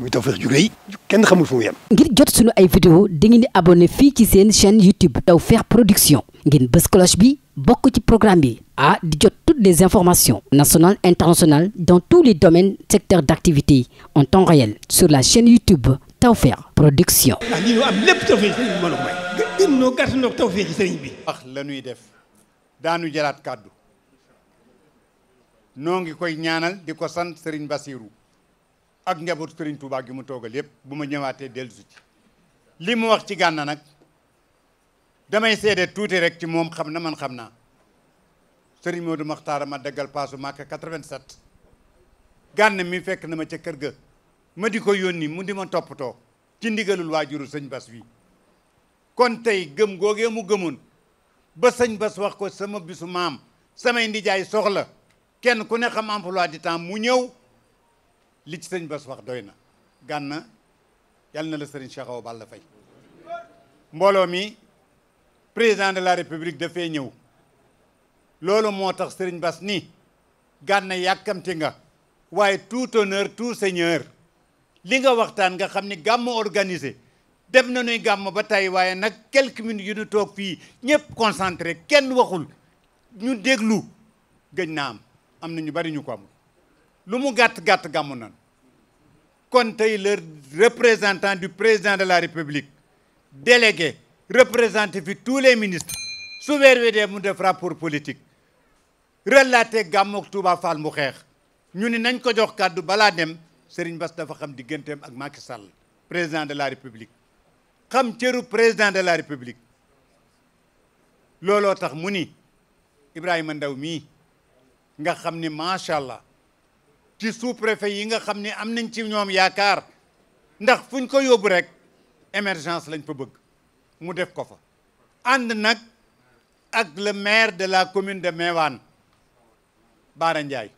muy Tawfekh ju rëy kenn xamul fu mu ngir jot sunu ay vidéo dangeen di abonné fii ci seen chaîne YouTube Tawfekh Production ngeen bës cloche bi bokk ci programme bi ah di jot toutes les informations nationales internationales dans tous les domaines secteurs d'activité en temps réel sur la chaîne YouTube Tawfekh Production. ah lii ñu a la ñuy def daanu jëlaat kàddu noo ngi koy ñaanal di ko ak njabootu Serigne Touba gi mu toogal yépp bu ma ñëwaatee dellusi ci li mu wax ci Gana nag damay seede tuuti rek ci moom xam na man xam naa Serigne Modou Makhtar ma daggal paasu Màkka 87 Gana mi fekk na ma ca kër ga ma di ko yónni mu di ma toppatoo ci ndigalul waajuru sëñ Bas wi kon tey gëm googee mu gëmoon ba sëñ Bas wax ko sama bisu maam samay ndijaay soxla kenn ku ne xam emploi du temps mu ñëw li ci sëñ bas wax doy na gànna yal na la sëriñ Cheikh Awa Balla Fay mbooloo mi président de la république dafay ñëw loolu moo tax sëriñ bas ni gànna yàkkamti nga waaye tout honneur tout seigneur li nga waxtaan nga xam ni gàmm organisé def na nuy gàmm ba tey waaye nag quelques minutes yu ñu toog fii ñëpp concentré kenn waxul ñu déglu gëj naa am am na ñu bari ñu ko amul lu mu gàtt gàtt gàmm na kon tey le représentant du président de la république délégué représenté fi tous les ministres su weer wi dee mu def rapport politique relaté gàmmook Touba Fall mu xeex ñu ni nañ ko jox kàddu balaa dem Serigne Bass dafa xam digganteem ak Macky Sall président de la république xam cëru président de la république looloo tax mu ni Ibrahima Ndaw mii nga xam ni macha allah ci sous-préfet yi nga xam ne am nañ ci ñoom yaakaar ndax fuñ ko yóbbu rek émergence lañ fa bëgg mu def ko fa ànd nag ak le maire de la commune de Mewane Bara Ndiaye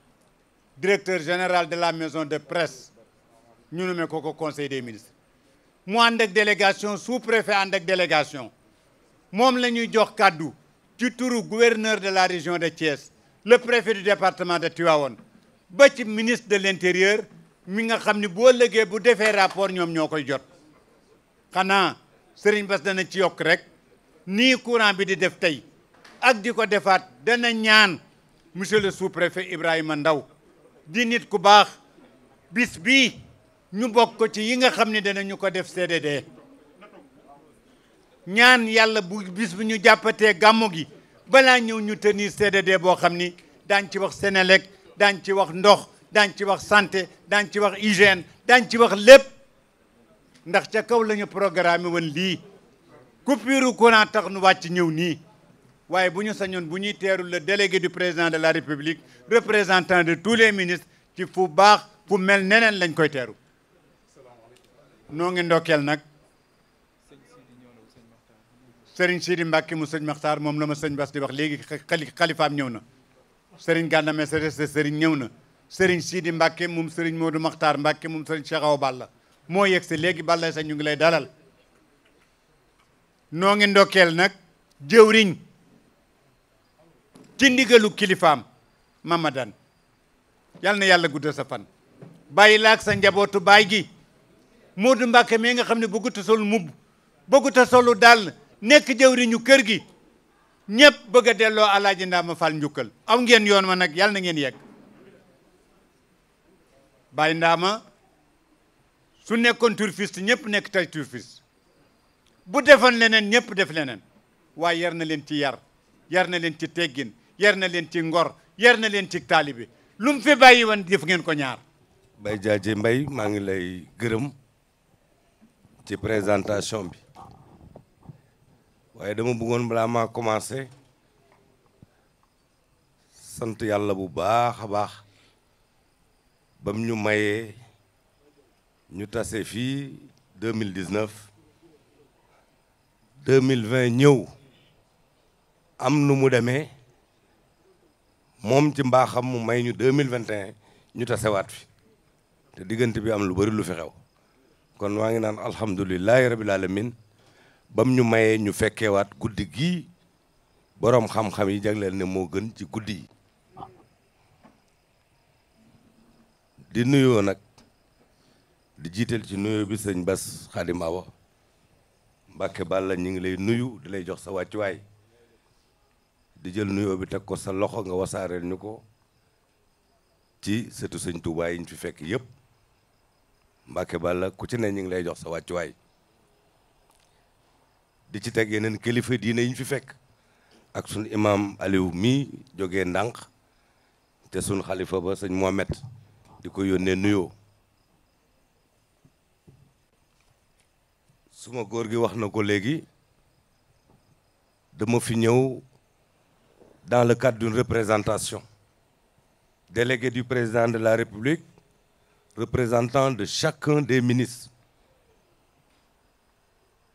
directeur général de la maison de presse ñu nommé ko ko conseil des ministres mu ànd ak délégation sous-préfet ànd ak délégation moom la ñuy jox kàddu ci turu gouverneur de la région de Thiès le préfet du département de Tivaouane ba ci ministre de l'intérieur mi nga xam ni boo lëgee bu defee rapport ñoom ñoo koy jot xanaa Serigne Bass dana ci yokk rek nii courant bi di def tey ak di ko defaat dana ñaan monsieur le sous-préfet Ibrahima Ndaw di nit ku baax bis bi ñu bokk ko ci yi nga xam ne danañu ko def CDD ñaan yàlla bu bis bu ñu jàppatee gàmmu gi balaa ñëw ñu tenir CDD boo xam ni daañ ci wax Sénélec daañ ci wax ndox daañ ci wax santé daañ ci wax hygiène daañ ci wax lépp ndax ca kaw la ñu programme woon lii coupure courant tax nu wàcc ñëw nii waaye bu ñu sañoon bu ñuy teeru le délégué du président de la république représentant de tous les ministres ci fu baax fu mel neneen lañ koy teeru noo ngi ndokkeel nag sëriñ Sidi Mbàkke mu sëñ Maxtaar moom la ma sëñ Bass di wax léegi xalifaam ñëw na Serigne Gana Messere Serigne ñëw na Serigne Sidi Mbacke moom Serigne Modou Makhtar Mbacke moom Serigne Cheikh Awa Balla moo yegg si léegi Balla sax ñu ngi lay dalal noo ngi ndokkeel nag jëwriñ ci ndigalu kilifaam mamadan yal na yàlla guddal sa fan bàyyi laak sa njabootu baay gi Modou Mbacke mii nga xam ne bëggut a sol mubb solu dàll nekk jëwriñu kër gi ñëpp bëgg a delloo alaaji Ndaama Fall njukkal aw ngeen yoon ma nag yàlla na ngeen yegg Baye Ndaama su nekkoon turfiste ñëpp nekk tey turfiste bu defoon leneen ñëpp def leneen waaye yar na leen ci yar yar na leen ci teggin yar na leen ci ngor yar na leen ci taalibi lu mu fi bàyyi woon def ngeen ko ñaar Baye Jaaje Mbay maa ngi lay gërëm ci présentation bi waaye dama bëggoon balaa maa commencé sant yàlla bu baax a baax bam ñu mayee ñu tase fii deux mille dix neuf deux mille vingt ñëw am nu mu demee moom ci mbaaxam mu may ñu deux mille vingt et un ñu tasewaat fi te diggante bi am lu bari lu fi kon waa ngi naan alhamdulilahi rabil alamin bam ñu mayee ñu fekkee waat guddi gi boroom xam-xam yi jagleel ne moo gën ci guddi yi di nuyoo nag di jiital ci nuyoo bi sëñ Bass Xadim Awa Mbàkke Balla ñu ngi lay nuyu di lay jox sa wàccuwaay di jël nuyoo bi teg ko sa loxo nga wasaareel ñu ko ci sëtu sëñ Tuubaa yi ñu fi fekk yëpp Mbàkke Balla ku ci ne ñu ngi lay jox sa wàccuwaay di ci teg yeneen kilifa diine yi ñu fi fekk ak sunu imaam Aliou mi jógee ndànk te sunu xalifa ba sëñ Mohamed di ko yónnee nuyoo suma góor gi wax na ko léegi dama fi ñëw dans le cadre d'une représentation délégué du président de la République représentant de chaque chacun des ministres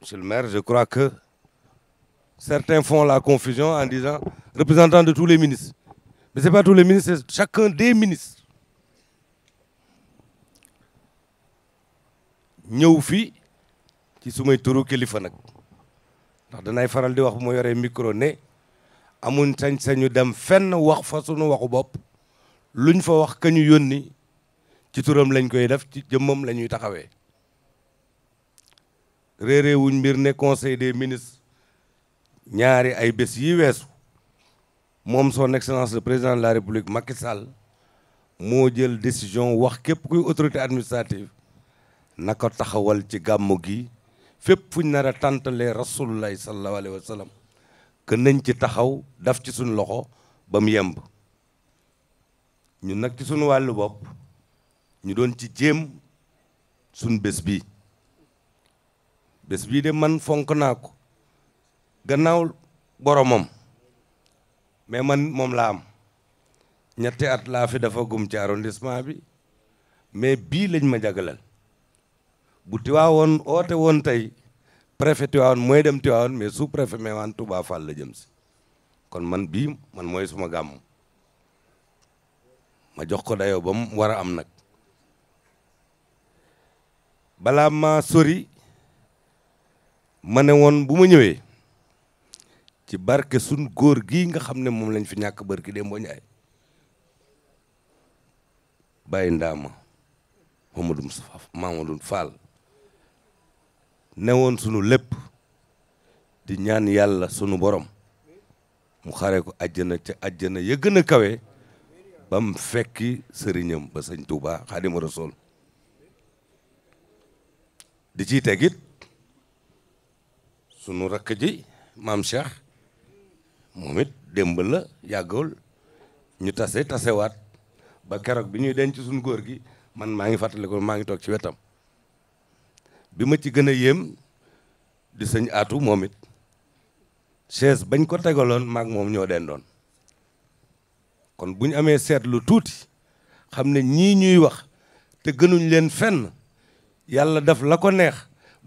Monsieur le maire, je crois que certains font la confusion en disant représentant de tous les ministres. Mais ce n'est pas tous les ministres, c'est chacun des ministres. ñëw fii ci sumay turu kilifa nag ndax danay faral di wax bu ma yoree micro ne amuñ sañ-sañu dem fenn wax fa sunu waxu bopp luñ fa wax ka ñu yónni ci turam lañ koy def ci jëmmam la ñuy taxawee réeré wuñ mbir ne conseil des ministres ñaari ay bés yi weesu moom son excellence le président de la république Macky Sall moo jël décision wax képp kuy autorité administrative na ko taxawal ci gàmmu gi fépp fuñ nar a tàntalee rasulullahi sallallahu alayhi wa sallam que nañ ci taxaw daf ci suñ loxo ba mu yemb ñu nag ci suñu wàllu bopp ñu doon ci jéem suñ bés bi bés bii de man fonk naa ko gannaaw boromam mais man moom laa am ñetti at laa fi dafa gum ci arrondissement bi mais bii lañ ma jagalal bu Tiwaawoon oote woon tey préfet Tiwaawoon mooy dem Tiwaawoon mais sous préfet mais waan Touba Fall la jëm si kon man bii man mooy suma gàmm ma jox ko dayoo ba mu war a am nag balaa ma sori ma ne woon bu ma ñëwee ci barke sun góor gi nga xam ne moom lañ fi ñàkk barki dem boo bàyyi ndaama Mamadou Moustapha Mamadou Fall ne woon sunu lépp di ñaan yàlla sunu borom mu xare ko àjjana ca àjjana ya gën a kawe ba mu fekki sëriñam ba sëñ Touba Xaadimu Rasuul di ciy tegit sunu rakk ji maam Cheikh moom démb la yàggul ñu tase tasewaat ba keroog bi ñuy denc suñu góor gi man maa ngi fàttaliku maa ngi toog ci wetam bi ma ci gën a yéem di sëñ aatu moom it bañ ko tegaloon maag moom ñoo dendoon kon bu ñu amee seetlu tuuti xam ne ñii ñuy wax te gënuñ leen fenn yàlla daf la ko neex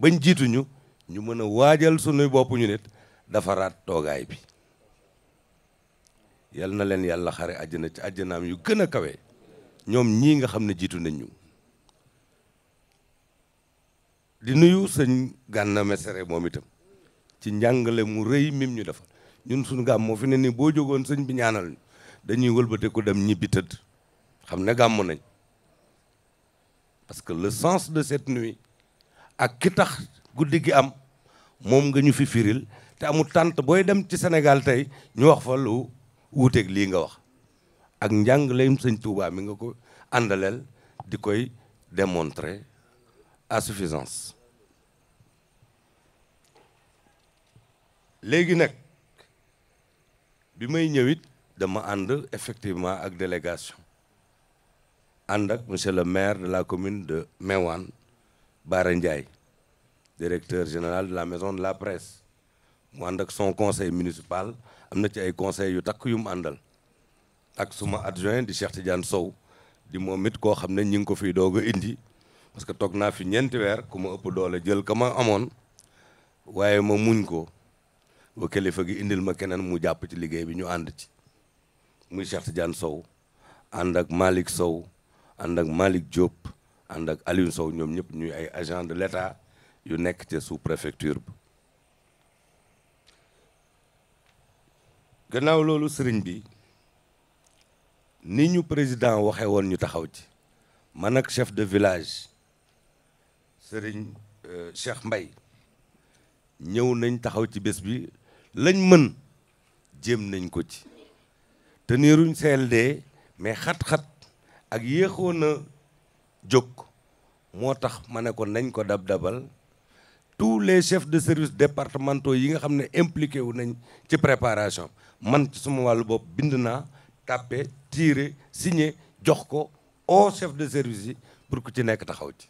bañ jiituñu ñu mën a waajal sunuy boppu ñu nit defaraat toogaay bi yal na leen yàlla xare àjjana ci àjjanaam yu gën a kawe ñoom ñii nga xam ne jiitu nañ ñu di nuyu sëñ Gana Messere moom itam ci njàngale mu rëy mim ñu defal ñun suñu gàmm moo fi ne nii boo jógoon sëñ bi ñaanal dañuy wëlbateeku dem ñibbi tëdd xam ne gàmm nañ parce que le sens de cette nuit ak ki tax guddi gi am moom nga ñu fi firil te amul tànt booy dem ci Sénégal tey ñu wax fa lu wuuteeg lii nga wax ak njàng layum sëñ Touba mi nga ko àndaleel di koy démontrer à suffisance léegi nag bi may ñëwit dama ànd effectivement ak délégation ànd ak monsieur le maire de la commune de Mewane Bara Ndiaye directeur général de la maison de la presse mu ànd ak son conseil municipal am na ci ay conseils yu takk yu àndal ak suma adjoint di Cheikh Tidiane Sow di moom it koo xam ne ñi ngi ko fiy doog a indi parce que toog naa fi ñeenti weer ku ma ëpp doole jël ka ma amoon waaye ma muñ ko ba kilifa gi indil ma keneen mu jàpp ci liggéey bi ñu ànd ci muy Cheikh Tidiane Sow ànd ak Malick Sow ànd ak Malick Diop ànd ak Alioune Sow ñoom ñëpp ñuy ay agent de l' yu nekk ca sous préfecture ba gannaaw loolu sëriñ bi ni ñu président waxe woon ñu taxaw ci man ak chef de village sëriñ euh, Cheikh mbay ñëw nañ taxaw ci bés bi lañ mën jéem nañ ko ci te teniruñ CLD mais xat-xat ak yéexoon a jóg moo tax ma ne ko nañ ko dab-dabal tous les chefs de service départementaux yi nga xam ne impliqué wu nañ ci préparation man ci suma wàllu bopp bind na tàppe tiré signé jox ko au chef de service yi pour ku ci nekk taxaw ci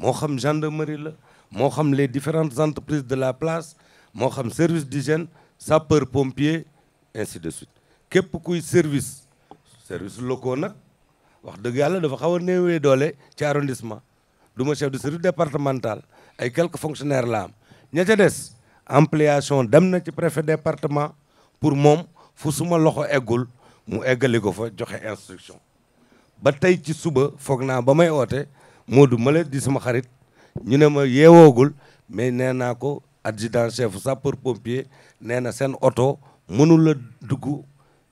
moo xam gendarmerie la moo xam les différentes entreprises de la place moo xam service d'hygiène sapeur pompier ainsi de suite képp kuy service service locaux nag wax dëgg yàlla dafa xaw a néewee doole ci arrondissement du ma chef de service départemental ay quelques fonctionnaires la am ña ca des ampliation dem na ci préfet département pour moom fu suma loxo eggul mu eggali ko fa joxe instruction ba tey ci suba foog naa ba may oote Modou Male di suma xarit ñu ne ma yeewoogul mais nee naa ko adjudant chef pour pompier nee na seen oto mënul a dugg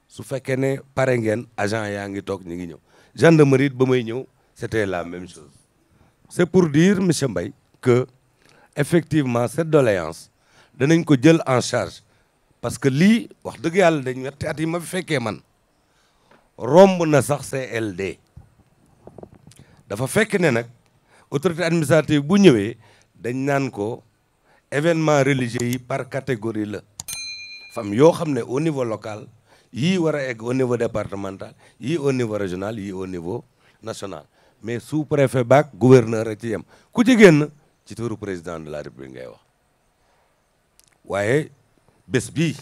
su fekkee ne pare ngeen agent yaa ngi toog ñu ngi ñëw de gendarmerie ba may ñëw c'était la même chose c'est pour dire monsieur mbay que effectivement cette doléance danañ ko jël en charge parce que lii wax dëgg yàlla dañ ñetti at yi ma fekkee man romb na sax CLD dafa fekk ne nag autorité administrative bu ñëwee dañ naan ko événement religieux yi par catégories la fam yoo xam ne au niveau local yii war a egg au niveau départemental yii au niveau régional yii au niveau national mais sous préfet baak gouverneur rek ci yem ku ci génn ci turu président de la république ngay wax waaye bés bi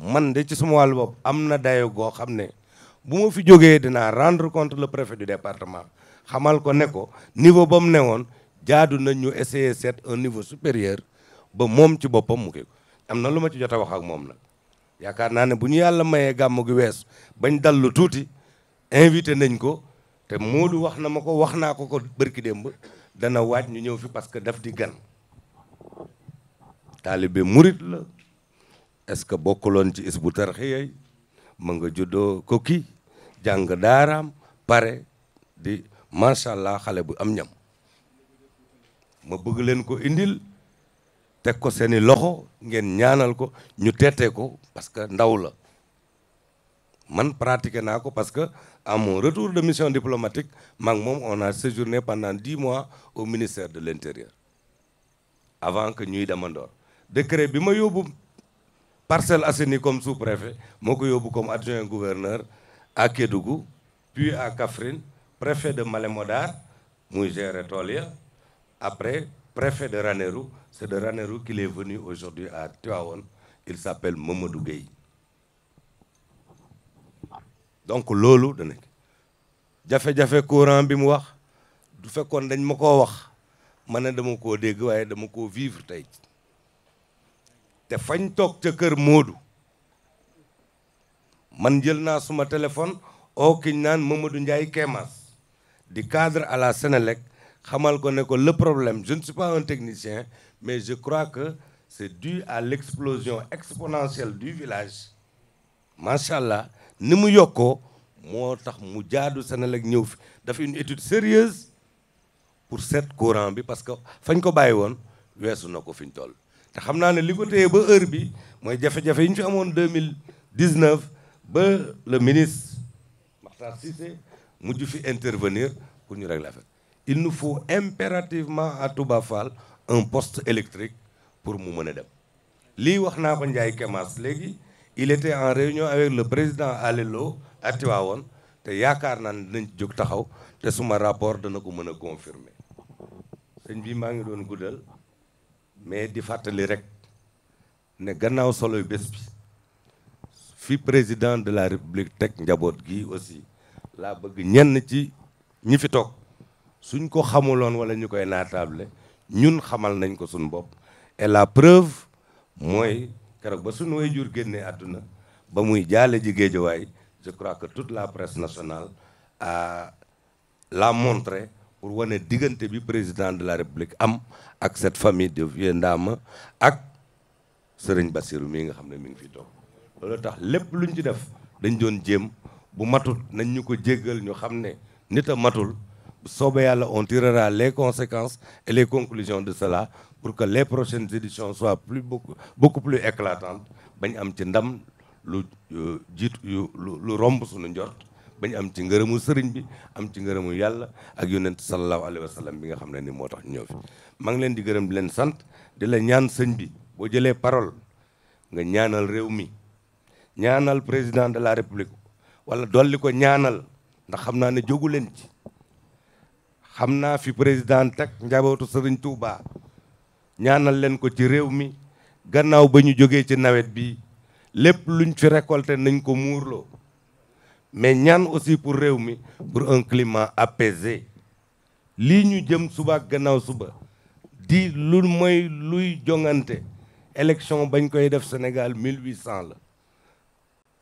man de ci suma wàllu bopp am na dayo goo xam ne bu ma fi jógee dinaa rendre contre le préfet du département xamal ko ne ko niveau ba mu ne woon jaadu nañ ñu essayer seet un niveau supérieur ba moom ci boppam mu kii am na lu ma ci jot a wax ak moom nag yaakaar naa ne bu ñu yàlla mayee gàmm gi weesu bañ dallu tuuti invité nañ ko te Moodu wax na ma ko wax naa ko ko bërki démb dana waaj ñu ñëw fi parce que daf di gan taalibe murit la est-ce que bokkuloon ci Hizbut Tarqiyyah ma nga juddoo ko kii jàng daaraam pare di macha allah xale bu am ñam ma bëgg leen ko indil teg ko seeni loxo ngeen ñaanal ko ñu teete ko parce que ndaw la man pratiqué naa ko parce que à mon retour de mission diplomatique maak moom on a séjourné pendant dix mois au ministère de l'intérieur avant que ñuy demandoor décret bi ma yóbbu Parcelles Assainies comme sous-préfet moo ko yóbbu comme adjoint gouverneur à Kédougou puis à Kaffrine préfet de Malem Hodar muy tool ya après préfet de Ranérou c'est de Ranérou qu'il est venu aujourd'hui à Tivaouane il s'appelle Mamadou Gueye donc loolu da nekk jafe-jafe courant bi mu wax du fekkoon dañ ma ko wax ma ne dama koo dégg waaye dama ko vivre tey te fañ toog ca kër Moodu man jël naa suma téléphone oo kiñ naan Mamadou Ndiaye Kémas di cadre à la Sénélec xamal ko ne ko le problème je ne suis technicien mais je crois que c'est dû à l'explosion exponentielle du village macha allah ni mu yokkoo moo tax mu jaadu Senelec ñëw fi daf une étude sérieuse pour seet courant bi parce que fañ ko bàyyi woon weesu na ko fi ñu toll te xam naa ne li ko téye ba heure bi mooy jafe-jafe yi ñu fi amoon 2019 ba le ministre Makhtar mujj fi intervenir pour ñu régler affaire il nous faut impérativement à Touba un post électrique pour mu mën a dem lii wax naa ko Ndiaye Kemas léegi il était en réunion avec le président Alelo à Tivaouane te yaakaar naa ne dinañ jóg taxaw te suma rapport dana ko mën a confirmer sëñ bi maa ngi doon guddal mais di fàttali rek ne gannaaw solo bés bi fi président de la république teg njaboot gi aussi laa bëgg ñenn ci ñi fi toog suñ ko xamuloon wala ñu koy naatable ñun xamal nañ ko suñ bopp et la preuve mooy keroog ba suñu way jur génnee àdduna ba muy jaale ji géejawaay je crois que toute la presse nationale a l'a montré pour wane diggante bi président de la république am ak cette famille de vieux ndama ak sëriñ Bassirou mii nga xam ne mi ngi fi toog loolu tax lépp lu luñ ci def dañ doon jéem bu matul nañ ñu ko jéggal ñu xam ne nit a matul soobe yàlla on tirera les conséquences et les conclusions de cela pour que les prochaines éditions soient plus beaucoup beaucoup plus éclatantes bañ am ci ndam lu euh, jiitu lu romb suñu njort bañ am ci ngërëmu sëriñ bi am ci ngërëmu yàlla ak yonent sallallahu alayhi wa sallam bi nga xam ne ni moo tax ñëw fi maa leen di gërëm di leen sant di la ñaan sëñ bi boo jëlee parole nga ñaanal réew mi ñaanal président de la république wala dolli ko ñaanal ndax xam naa ne jógu leen ci xam naa fi président teg njabootu sëriñ Touba. ñaanal leen ko ci réew mi gannaaw ba ñu jógee ci nawet bi lépp luñ fi récolté nañ ko muurloo mais ñaan aussi pour réew mi pour un climat apaisé lii ñu jëm suba gannaaw suba di lu moy luy jongante élection bañ koy def Sénégal 1800 la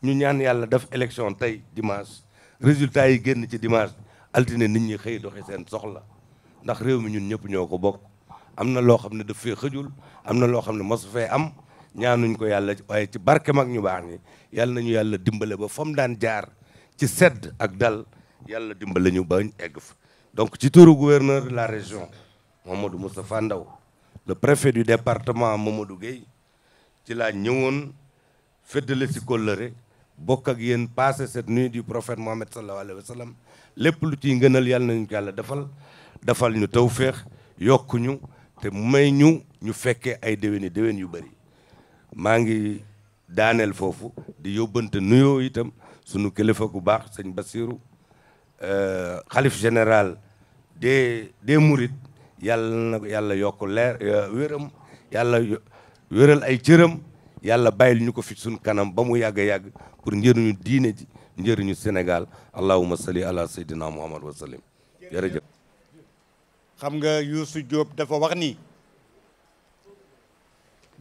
ñu ñaan yàlla def élection tey dimanche résultat yi génn ci dimanche altine nit ñi xëy doxi seen soxla ndax réew mi ñun ñëpp ñoo ko bokk am na loo xam ne daf fee xëjul am na loo xam ne mosu fee am ñaanuñ ko yàlla waaye ci barke mag ñu baax ni yàlla nañu yàlla dimbale ba fa daan jaar ci sedd ak dal yàlla dimbale ñu ba egg fa donc ci turu gouverneur la région Mamadou Moustapha Ndaw le préfet du département Mamadou Gueye ci laa ñëwoon feddale si kóllëre bokk ak yéen passé cette nuit du prophète Mohammed sallallahu alayhi wa lépp lu ciy ngënal yàlla nañu ko yàlla defal defal te may ñu ñu fekkee ay déwéni déwén yu bëri maa ngi daaneel foofu di yóbbante nuyoo itam sunu kilifa gu baax sëñ Basiru euh, xalif général des des Mourides yàlla na yokk leer euh, wéram yàlla wéral ay cëram yàlla bàyyil ñu ko fi suñ kanam ba mu yàgg-yàgg pour njëriñu diine ji njëriñu Sénégal allahumma salli ala sayyidina muhammad wa sallim jërëjëf xam nga Youssou Diop dafa wax ni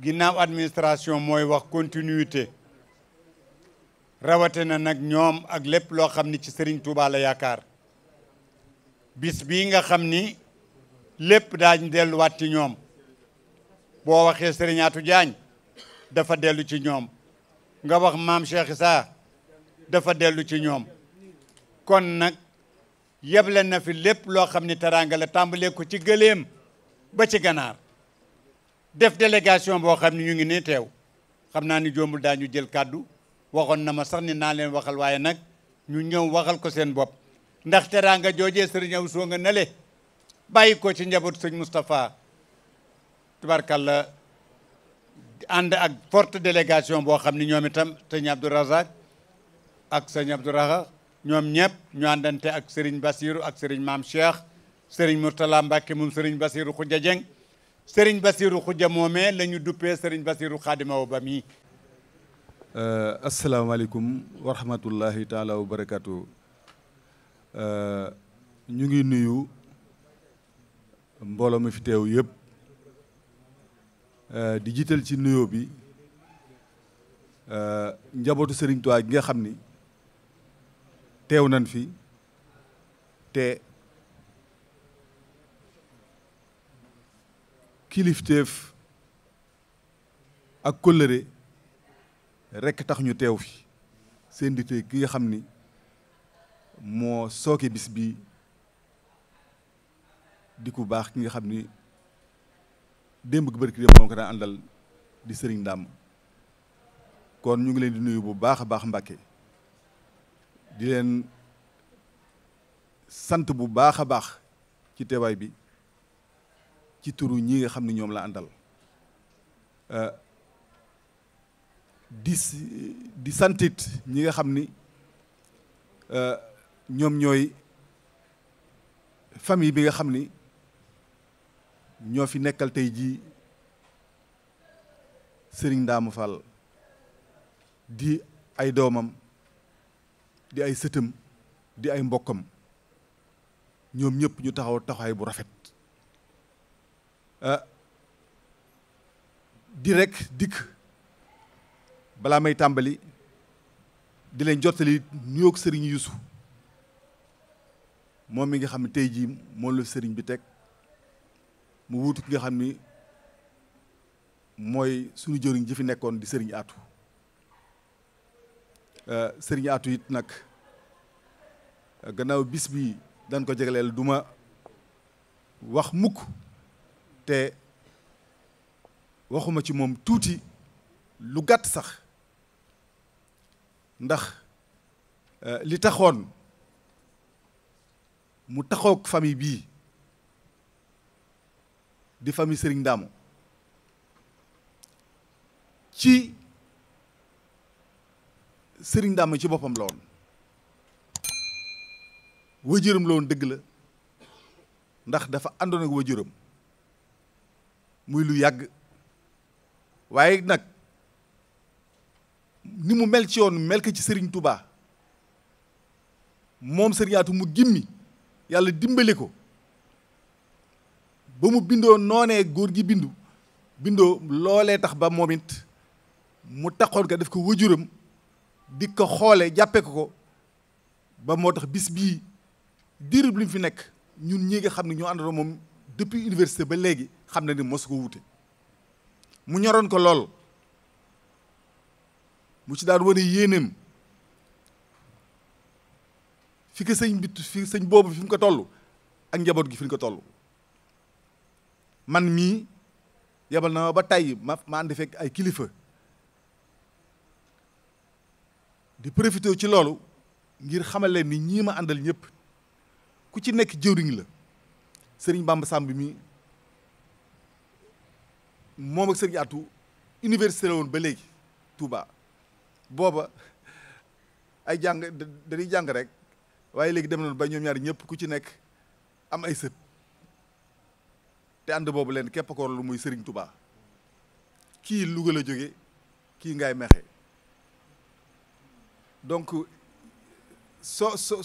ginnaaw administration mooy wax continuité rawate na nag ñoom ak lépp loo xam ni ci sëriñ Touba yaakaar bis bii nga xam ni lépp daañ delluwaat ci ñoom boo waxee sëriñaatu jaañ dafa dellu ci ñoom nga wax maam Cheikh Issa dafa dellu ci ñoom kon nag yeble na fi lépp loo xam ni teraanga la tàmbalee ko ci gëléem ba ci ganaar def délégation boo xam ni ñu ngi nii teew xam naa ni jombul daa ñu jël kàddu waxoon na ma sax ni naa leen waxal waaye nag ñu ñëw waxal ko seen bopp ndax teraanga joojee sëriñ soo nga nale bàyyi ko ci njaboot sëñ Moustapha la ànd ak forte délégation boo xam ni ñoom itam sëñ Abdou Razak ak sëñ Abdou Raha ñoom ñëpp ñu àndante ak Serigne Bassirou ak Serigne Maam Cheikh Serigne Mourtala Mbacke moom Serigne Bassirou Khoudia Dieng Serigne Bassirou Khoudia moomee la ñu duppee Serigne Bassirou Khadimawo ba mii. Euh, asalaamaaleykum wa rahmatullahi taala wa barakaatu euh, ñu ngi nuyu mbooloo mi fi teew yëpp euh, di jiital ci nuyoo bi njabootu Serigne Touba gi nga xam ni. teew nañ fi te kilifteef ak kóllëre rekk tax ñu teew fi seen dite ki nga xam ni moo sooke bis bi di ku baax ki nga xam ni démb gi bërki dé moo ko daan di sëriñ ndàmm kon ñu ngi leen di nuyu bu baax a baax Mbàkke di leen sant bu baax a baax ci teewaay bi ci turu ñi nga xam ne ñoom la àndal euh, di di santit ñi nga xam ni euh, ñoom ñooy famille bi nga xam ni ñoo fi nekkal tey jii sëriñ Ndama Fall di ay doomam di ay sëtam di ay mbokkam ñoom ñëpp ñu taxaw taxawaay bu rafet ah di rek dikk balaa may tàmbali di leen jottali nuyoog sëriñ Yuusu moom mi nga xam ne tey jii moom la sëriñ bi teg mu wuutu ki nga xam ni mooy sunu jëriñ ji fi nekkoon di sëriñ Aatu Euh, sëriñ Atou it nag gannaaw bis bi dañ ko jegleel du ma wax mukk te waxuma ci moom tuuti lu gàtt sax ndax euh, li taxoon mu taxoog famille bii di famille sëriñ Ndaamu ci sëriñ Dame ci boppam la woon wajuram la woon dëgg la ndax dafa àndoon ak wajuram muy lu yàgg waaye nag ni mu mel ci yoon mel ko ci sëriñ tubaa moom sëriñ mu gimmi yàlla dimbali ko ba mu bindoo noonee góor gi bindu bindoo loolee tax ba moom mu taxoon ko def ko wajuram di ko xoolee jàppee ko ko ba moo tax bis bii diirub li mu fi nekk ñun ñi nga xam ne ñoo àndandoo moom depuis université ba léegi xam na ni mosu ko wute mu ñoroon ko lool mu ci daan wane yéeneem fi ko sëñ bit fi sëñ boobu fi mu ko toll ak njaboot gi fi mu ko toll man mii yebal na ma ba tey ma ma ànd fekk ay kilifa di profité ci loolu ngir xamal leen ni ñii ma àndal ñëpp ku ci nekk jëwriñ la sëriñ Bamba Samb mi moom ak sëriñ Atou université la woon ba léegi tubaa booba ay jàng dañuy jàng rek waaye léegi dem na ba ñoom ñaari ñëpp ku ci nekk am ay sët te ànd boobu leen képp ko lu muy sëriñ tubaa kii Louga la jóge kii ngay mexe donc soo soo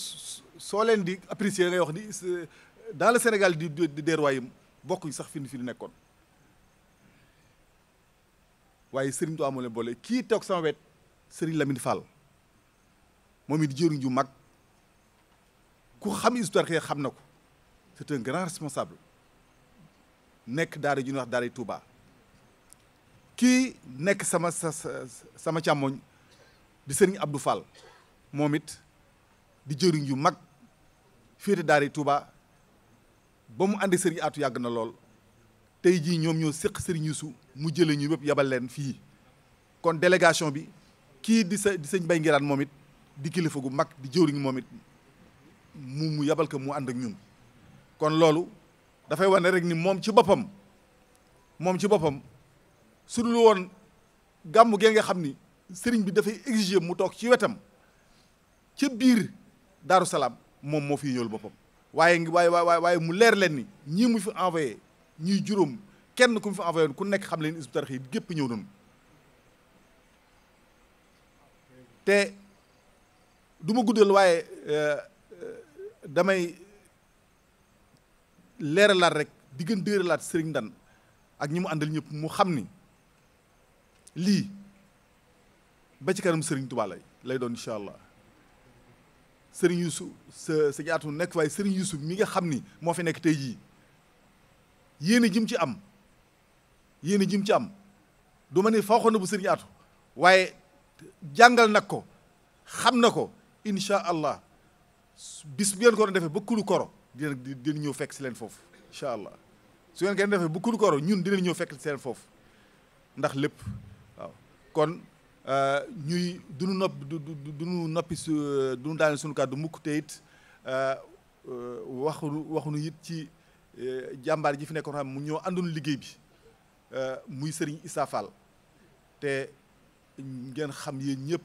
soo leen di apprécier ngay wax ni dans le Sénégal di des royaumes bokk yi sax fi fi nekkoon waaye Serigne Touba moo leen kii toog sama wet Serigne Lamine Fall moom it jëriñ ju mag ku xam histoire xëy xam na ko c'est un grand responsable nekk daara ju ñuy wax daara Touba kii nekk sama sa sama càmmoñ. di sëriñ Abdou Fall moom it di jëriñ yu mag féete daari Touba ba mu àndi sëriñ atu yàgg na lool tey jii ñoom ñoo séq sëriñ Youssou mu jëlee ñu yëpp yabal leen fii kon délégation bi kii di sa di sëñ Bay Ngiraan moom it di kilifa gu mag di jëwriñ moom it mu mu yabal ko mu ànd ak ñun kon loolu dafay wane rek ni moom ci boppam moom ci boppam su dul woon gàmmu gee nga xam ni sëriñ bi dafay exiger mu toog ci wetam ci biir Daaru Salaam moom moo fi ñëwul boppam waaye ngi waaye waaye waaye mu leer leen ni ñii mu fi envoyé ñii juróom kenn ku mu fi envoyé ku nekk xam leen Hizbut Tarqiyyah gépp ñëw nañu te duma ma guddal waaye euh, damay leeralaat rek diggante leeralaat sëriñ Ndan ak ñi mu àndal ñëpp mu xam ni lii ba ci kanam sëriñ Tuubaa lay doon incha allah sëriñ Yuusu sa sa jaatu nekk waaye sëriñ Yuusu mi nga xam ni moo fi nekk tey jii yéen a jëm ci am yéen a ci am du ma ne faaxoon na bu sëriñ waaye jàngal nag ko xam na ko incha allah bis bi ngeen ko doon defee ba kudu koro dina dina ñëw fekk si leen foofu incha allah su ngeen ko defee ba kudu koro ñun dinañ ñëw fekk si leen foofu ndax lépp waaw kon. Euh, ñuy du nu nopp du du nu noppi su euh, du kàddu mukk te it euh, waxu it ci jàmbaar ji fi nekkoon xam mu ñoo àndoon liggéey bi muy sëriñ Issa te ngeen xam yéen ñëpp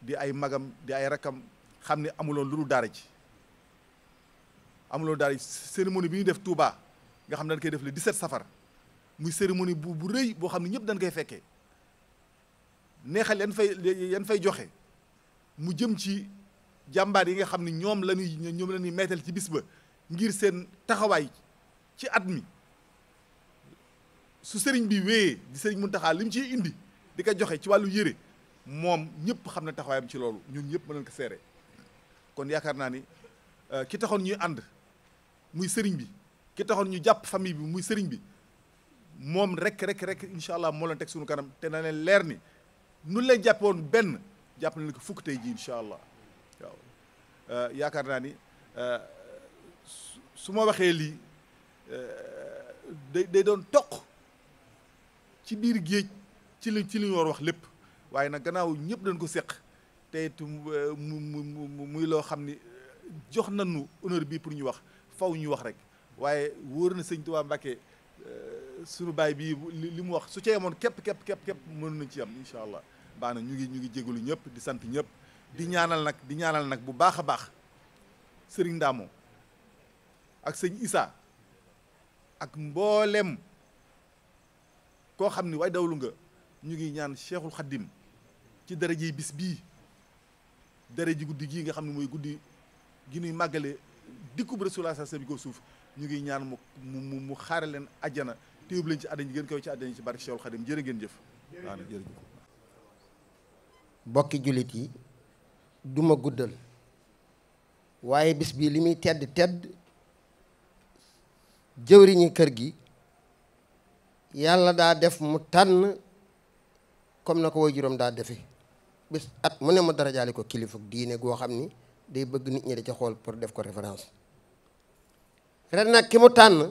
di ay magam di ay rakam xam ne amuloon lu dul daara ji amuloon daara ji cérémonie bi ñu def Touba nga xam ne dañ koy def di set safar muy cérémonie bu bu rëy boo xam ne ñëpp dañ koy fekkee neexal yan fay yan fay joxe mu jëm ci jàmbaar yi nga xam ne ñoom la ñuy ñoom la ñuy meetal ci bis ba ngir seen taxawaay ci at mi su sëriñ bi wéyee di sëriñ Muntaxa li mu ci indi di ko joxe ci wàllu yére moom ñëpp xam ne taxawaayam ci loolu ñun ñëpp mën nañ ko seere kon yaakaar naa ni euh, ki taxoon ñuy ànd muy sëriñ bi ki taxoon ñu jàpp famille bi muy sëriñ bi moom rek rek rek incha allah moo leen teg suñu kanam te na leen leer ni nu leen jàppoon benn jàpp nañ ko fukk tey ji incha allah euh, yaakaar naa ni euh, su ma waxee lii euh, day day doon toq ci biir géej ci li ci li ñu war wax lépp waaye nag gannaaw ñëpp dañ ko seq te it muy loo xam ni jox nañu honneur bii pour ñu wax faw ñu wax rek waaye wóor na sëñ Tuubaa Mbàkke suñu baay bii li mu wax su ci yemoon képp képp képp képp mën nañ ci am incha allah baax ñu ngi ñu ngi jégalu ñëpp di sant ñëpp di ñaanal nag di ñaanal nag bu baax a baax sëriñ Ndamo ak sëñ Issa ak mboolem koo xam ni way dawlu nga ñu ngi ñaan cheikhul xaddim ci ji bis bii ji guddi gii nga xam ne mooy guddi gi nuy màggale dikkub rasulullah sa bi ko suuf ñu ngi ñaan mu mu mu xaare leen ajjana te yóbbu leen ci àddina ji gën kaw ci àddina ci barke Seexul Xadim jërë ngeen jëf bokki jullit yi duma guddal waaye bis bii li muy tedd tedd jëwriñi kër gi yàlla daa def mu tànn comme na ko way juróom daa defe bis at mu ne mu darajaale ko kilifa diine goo xam ni day bëgg nit ñi da ca xool pour def ko référence ren nag ki mu tànn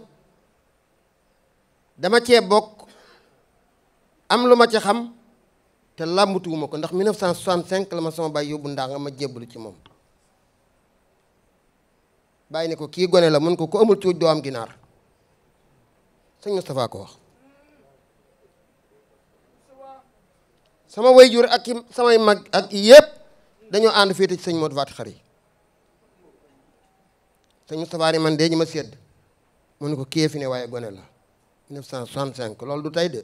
dama cee bokk am lu ma ci xam te làmbatuwuma ko ndax 1965 la ma sama baay yóbbu ndax nga ma jébbalu ci moom bàyyi ne ko kii gone la mun ko ku amul cuuj doo am ginaar sëñ Moustapha ko wax sama wayjur ak i samay mag ak yëpp dañoo ànd fii te sëñ Modou Faty ni man dee ñu ma sedd mun ko kii fi ne waaye gone la 1965 loolu du tay de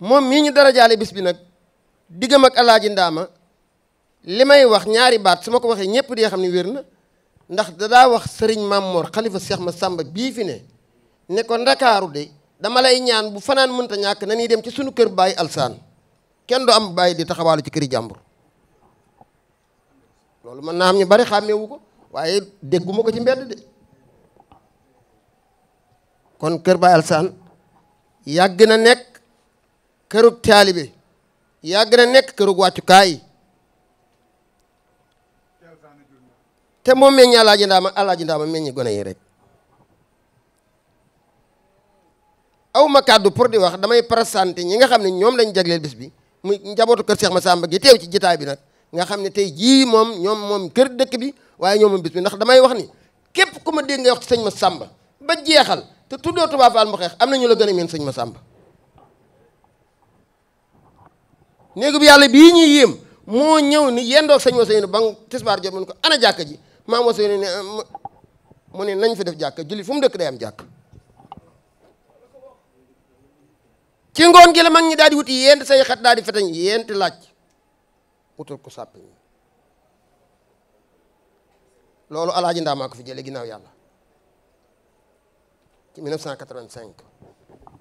moom mii ñu dara jaale bis bi nag diggam ak alaaji ndaama li may wax ñaari baat su ma ko waxee ñëpp dee xam ne wér na ndax dadaa wax sëriñ Mamor xalifa ma Massamba bii fi ne ne ko ndakaaru de dama lay ñaan bu fanaan mënta ñàkk na ñuy dem ci suñu kër bàyyi alsaan kenn du am bàyyi di taxawaalu ci këri jàmbur loolu mën naa am ñu bari xàmmewu ko waaye dégguma ko ci mbedd de kon kër Baye Alassane yàgg na nekk kërug taalibe yàgg na nekk kërug wàccukaay te moom meññi alaaji ndaama alaaji ndaama meññi gone yi rek aw ma kàddu pour di wax damay présenté ñi nga xam ne ñoom lañ jagleel bis bi muy njabootu kër ma sàmba gi teew ci jitaay bi nag nga xam ne tey jii moom ñoom moom kër dëkk bi waaye ñoom moom bis bi ndax damay wax ni képp ku ma dégg ngay wax ci sëñ sàmba ba jeexal te tuddoo Touba Fall mu xeex am na ñu la gën a mën sëñ Massamba néegu bi yàlla bii ñuy yéem moo ñëw ni yendoog sëñ Ousseynou ba mu tisbaar jot mu ko ana jàkka ji maam Ousseynou ne ah, mu ne nañ fi def jàkka julli fu mu dëkk day am jàkk ci ngoon gi la mag ñi daal di wuti yent say xat daal di fetañ yent laaj wutal ko sàppi loolu alaaji ndaa maa ko fi jële ginnaaw yàlla ci 1985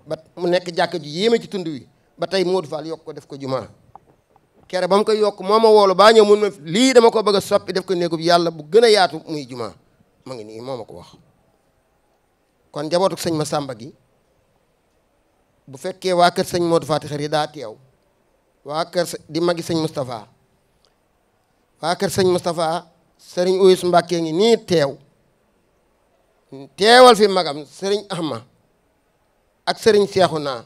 ba mu nekk jàkka ji yéeme ci tund wi ba tey Modou Fall yokk ko def ko jumaa kere ba mu koy yokk moo ma woolu baa ñëw mun ma lii dama ko bëgg a soppi def ko néegub yàlla bu gën a yaatu muy jumaa ma ngi nii moom a ko wax kon njabootu sëñ ma sàmba gi bu fekkee waa kër sëñ Modou Faty Khary daa teew waa kër di magi sëñ Moustapha waa kër sëñ Moustapha sëriñ Oyus Mbàkke ngi nii teew teewal fi magam sëriñ Ahma ak sëriñ Seexuna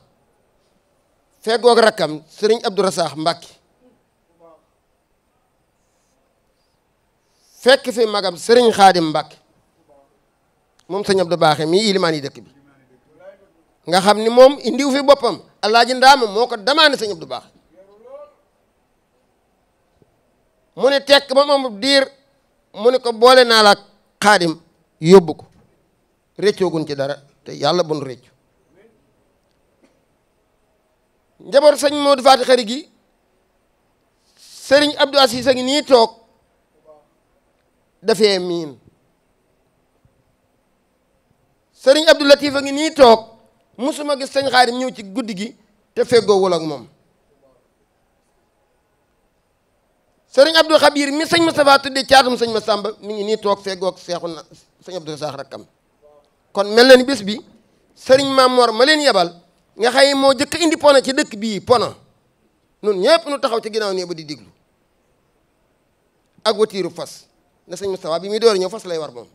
feggoog rakkam sëriñ Abdou Rassakh Mbacke fekk fi magam sëriñ Xaadim Mbacke moom sëñ Abdou Baaxe mii ilimaan yi dëkk bi nga xam ni moom indiw fi boppam alaaji ndaama moo ko damaane sëñ Abdou Baaxe mu ne tekk ba moom diir mu ne ko boole naa la Xaadim yóbbu ko réccoogun ci dara te yàlla bon réccu njaboot sëñ Modou Faty Khary gi sëriñ Abdou Aziz a ngi nii toog dafee miin sëriñ Abdou Latif a ngi nii toog musuma gis sëñ Xaadim ñëw ci guddi gi te feggoowul ak moom sëriñ Abdou Xabir mi sëñ Moustapha tudde caatum ma Massamba mu ngi nii toog feggoog seexu na sëñ Abdou Sax rakkam kon mel na ni bés bi sëriñ Mamor ma leen yebal nga xay moo jëkk indi pono ci dëkk bii pono nun ñëpp nu taxaw ci ginnaaw nee ba di diglu ak watiiru fas na sëñ Moustapha bi muy door ñëw fas lay war moom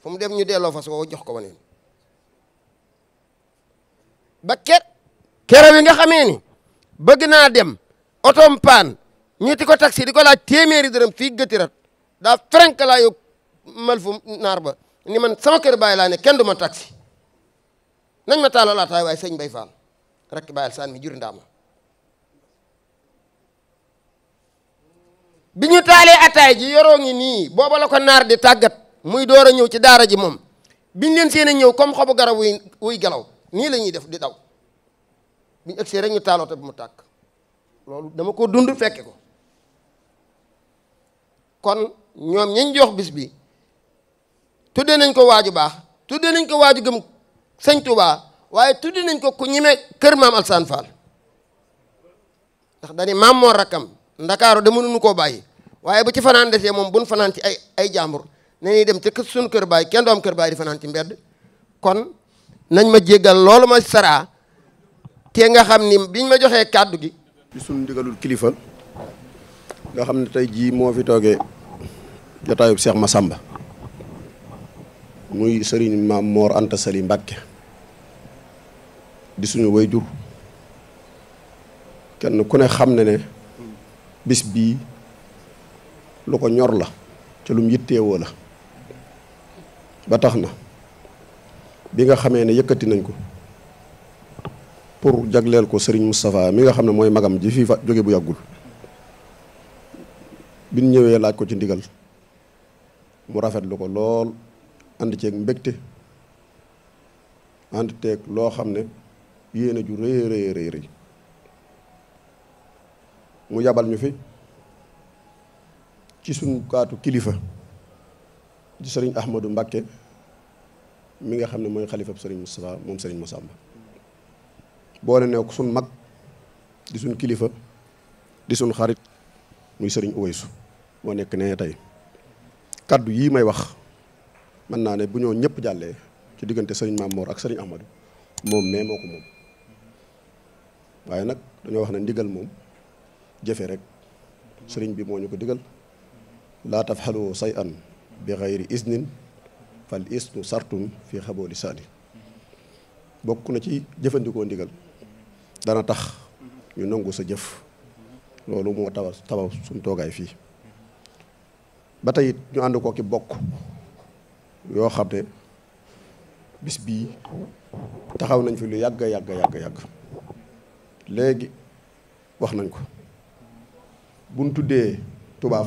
fu dem ñu delloo fas woo jox ko waneen ba ker kero nga xamee ni bëgg naa dem otom paan ñu ti ko taxi di ko laaj téeméeri dërëm fii gëtirat daa frank laa yóg mal fu naar ba ni man sama kër bàyyi laa ne kenn du ma taxi nañ ma taalal ataay waaye sëñ Bay Faal rakk bàyyil saan mi jur ndaama bi ñu taalee ataay ji yoroo ngi nii booba la ko naar di tàggat muy door a ñëw ci daara ji moom biñ leen seen a ñëw comme xobu garab wuy wuy gelaw nii la ñuy def di daw ñu ëgsee rek ñu taaloote bi mu tàkk loolu dama koo dund fekke ko kon ñoom ñañ jox bis bi tuddee nañ ko waaju baax tuddee nañ ko waaju gëm sëñ Touba waaye tudde nañ ko ku ñime kër maam Alsaan Fall ndax dañu maam moo rakkam ndakaaru de mënuñu koo bàyyi waaye bu ci fanaan defee moom buñ fanaan ci ay ay jàmbur ne ñuy dem ci suñu kër baay kenn doom kër baay di fanaan ci mbedd kon nañ ma jéggal loolu ma saraa te nga xam ni biñ ma joxee kàddu gi ci suñu ndigalul kilifa nga xam ne tey jii moo fi toogee jotaayub Seex Masamba muy sëriñ maam Mor Anta Sali Mbàkke di suñu wayjur kenn ku ne xam ne ne bis bii lu ko ñor la ca lum yitteewoo la ba tax na bi nga xamee ne yëkkati nañ ko pour jagleel ko sëriñ Moustapha mi nga xam ne mooy magam ji fii fa jóge bu yàggul bi ñu ñëwee laaj ko ci ndigal mu rafetlu ko lool ànd ceeg mbégte ànd teeg loo xam ne yéene ju rëy rëy mu yabal ñu fi ci suñu kaatu kilifa di sëriñ Ahmadou Mbakke mi nga xam ne mooy xalifab sëriñ Moustapha moom sëriñ Massamba boole ne ko mag di suñ kilifa di suñ xarit muy sëriñ Uwaysu moo nekk nee tey kaddu yii may wax mën naa ne bu ñoo ñëpp jàllee ci diggante sëriñ Maam ak sëriñ Ahmadou moom mais moo ko moom waaye nag dañoo wax na ndigal moom jëfe rek sëriñ bi moo ñu ko digal laa tafxalu say an bi xayri isnin fal isnu sartun fi xaboo lisaani bokk na ci jëfandikoo ndigal dana tax ñu nangu sa jëf loolu moo tawa tawa suñ toogaay fii ba tey ñu ànd ko ki bokk yoo xam ne bis bii taxaw nañ fi lu yàgg yàgg yàgg yàgg léegi wax nañ ko bu ñu tuddee Touba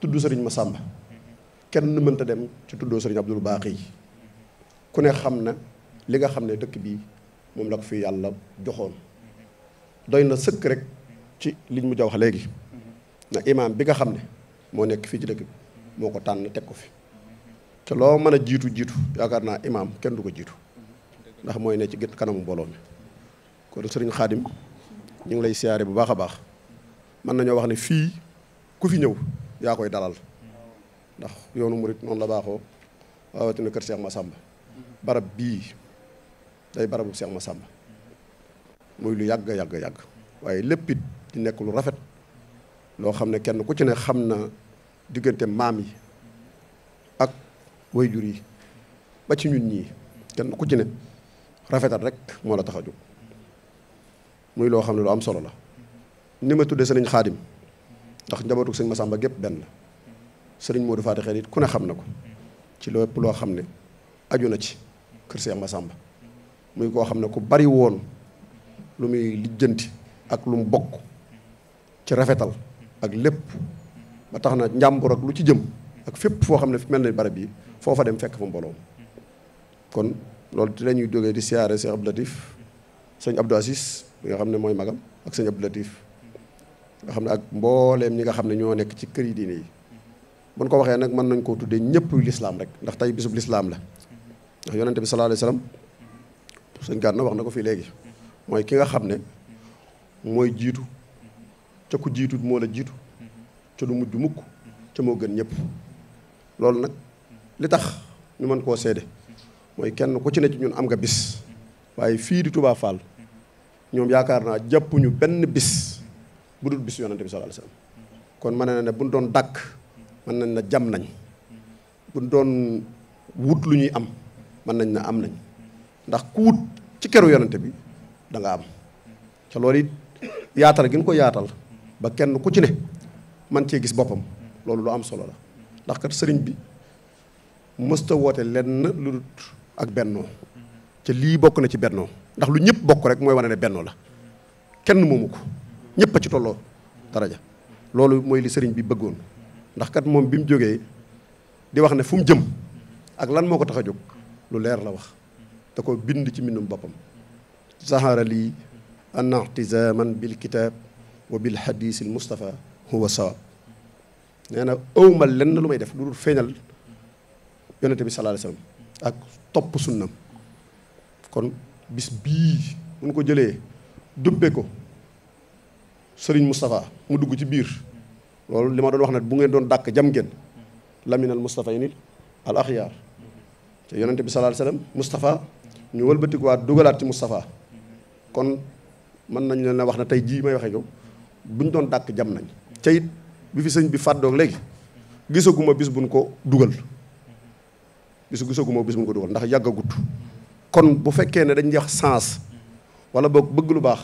tudd tudd ma Massamba kenn mënta dem ci tuddoo Serigne Abdoul Baqi yi ku ne xam na li nga xam ne dëkk bii moom la ko fi yàlla joxoon doy na sëkk rek ci liñ mu jaw léegi na imaam bi nga xam ne moo nekk fii ci dëkk bi moo ko tànn teg ko fi te loo mën a jiitu jiitu yaakaar naa imaam kenn du ko jiitu ndax mooy ne ci gët kanamu mbooloo mi kon sëriñ xaadim ñu ngi lay siyaare bu baax a baax mën nañoo wax ne fii ku fi ñëw yaa koy dalal ndax yoonu murit noonu la baaxoo rawatina kër ma Massamba barab bii day barabu ma Massamba muy lu yàgga yàgg yàgg waaye lépp it di nekk lu rafet loo xam ne kenn ku ci ne xam na diggante maam yi way jur yi ba ci ñun ñii kenn ku ci ne rafetal rek moo la tax a jóg muy loo xam ne lu am solo la ni ma tuddee sëriñ xaadim ndax njabootu sëñ Masamba gépp benn sëriñ Modou Faty Khary it ku ne xam na ko ci lépp loo xam ne aju na ci kër Cheikh Masamba muy koo xam ne ku bari woon lu muy lijjanti ak lu mu bokk ci rafetal ak lépp ba tax na njàmbur ak lu ci jëm ak fépp foo xam ne fi mel na barab yi foofa dem fekk fa mbooloo kon loolu di la ñuy jógee di siyaare sëñ Abdou Latif sëñ Abdou Aziz bi nga xam ne mooy magam ak sëñ Abdou Latif nga xam ne ak mbooleem ñi nga xam ne ñoo nekk ci kër yi diine yi buñ ko waxee nag mën nañ koo tuddee ñëpp lislaam rek ndax tey bisub lislaam la ndax yonente bi sallallahu alayhi wasallam wax na ko fii léegi mooy ki nga xam ne mooy jiitu ca ku jiitu moo la jiitu ca du mujj mukk ca moo gën ñëpp loolu nag li tax ñu mën koo seede mooy kenn ku ci ne ci ñun am nga bis waaye fii di Touba Fall ñoom yaakaar naa jàppuñu benn bis bu dul bis yonante bi sallallahu alayhi wasallam kon mën na ne buñ doon dàkk mën nañ na jam nañ buñ doon wut lu ñuy am mën nañ na am nañ ndax ku wut ci keru yonante bi danga am ca loolu it yaatal gi ko yaatal ba kenn ku ci ne man cee gis boppam loolu lu am solo la ndax kat sëriñ bi mësta woote lenn lu dul ak bennoo ca lii bokk na ci bennoo ndax lu ñëpp bokk rek mooy wane ne bennoo la kenn moomu ko ñëpp ci tolloo daraja loolu mooy li sëriñ bi bëggoon ndax kat moom bi mu jógee di wax ne fu mu jëm ak lan moo ko tax a jóg lu leer la wax te ko bind ci mbindum boppam zahara lii anna ihtizaman bil kitab wa bil hadis mustafa huwa sawa nee na awmal lenn lu may def lu dul feeñal yonente bi sallallahu alayhi ak topp sunnam kon bis bii mun ko jëlee dubbe ko sëriñ Moustapha mu dugg ci biir loolu li ma doon wax nag bu ngeen doon dàkk jam ngeen laminal Moustapha yi ni al bi sallallahu alayhi wasallam ñu wëlbatikuwaat dugalaat ci kon mën nañ leen a wax na tey jii may waxee yow bu doon dàkk jam nañ ca it bi fi sëñ bi fàddoog léegi gisaguma bis buñ ko dugal bis gisagu ma bis mu ko dugal ndax yàggagut kon bu fekkee ne dañ jax sens wala boog bëgg lu baax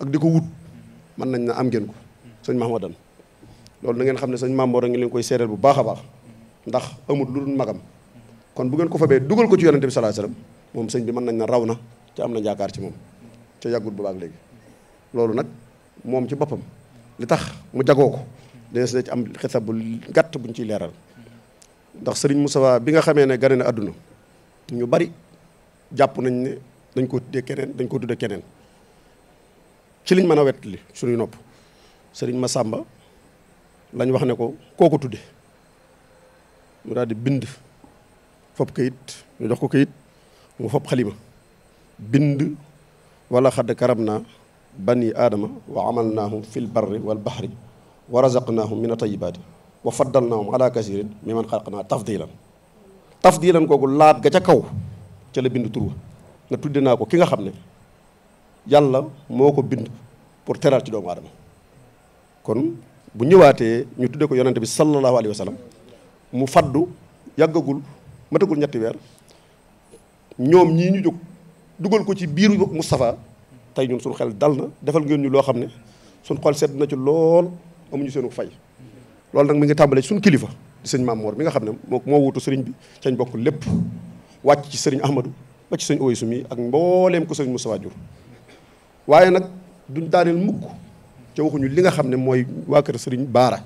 ak di ko wut mën nañ na am ngeen ko sëñ Mahamadan loolu na ngeen xam ne sëñ Mamboor a ngi leen koy seereel bu baax a baax ndax amut lu magam kon bu ngeen ko fabee dugal ko ci yonente bi sallallahu alayhi wasallam moom sëñ bi mën nañ na raw na te am na yaakaar ci moom ca yàggut bu baax léegi loolu nag moom ci boppam li tax mu jagoo ko dina si ne ci am xisab bu gàtt buñ ciy leeral ndax sëriñ Moustapha bi nga xamee ne gane ne àdduna ñu bari jàpp nañ ne dañ koo tuddee keneen dañ koo tuddee keneen ci liñ mën a wet li suñuy nopp sëriñ ma sàmba lañ wax ne ko koo ko tudde mu daal di bind fop kayit ñu jox ko kayit mu fop xalima bind walla xadd karam naa bani aadama wa amal naahum fil barri wal bahri wa razaqnaahum min a tayibaati wa faddal naa moom ala kasirin mi man xalaq naa tafdilan tafdilan kooku laat ga ca kaw ca la bind tur nga tudde naa ko ki nga xam ne yàlla moo ko bind pour teral ci doomu aadama kon bu ñëwaatee ñu tudde ko yonente bi sallallahu alayhi wa mu faddu yàggagul matagul ñetti weer ñoom ñii ñu jóg dugal ko ci biiru Moustapha tey ñun suñu xel dal na defal ngeen ñu loo xam ne suñu xol sedd na ci lool amuñu seenu fay loolu nag mi ngi tàmbalee suñu kilifa di sëñ Maam Moor mi nga xam ne moo moo wuutu sëriñ bi cañ bokk lépp wàcc ci sëriñ Ahmadou ba ci sëñ Oysu mi ak mbooleem ko sëriñ Moussa Diour waaye nag duñ daaneel mukk ca waxuñu li nga xam ne mooy waa kër sëriñ Baara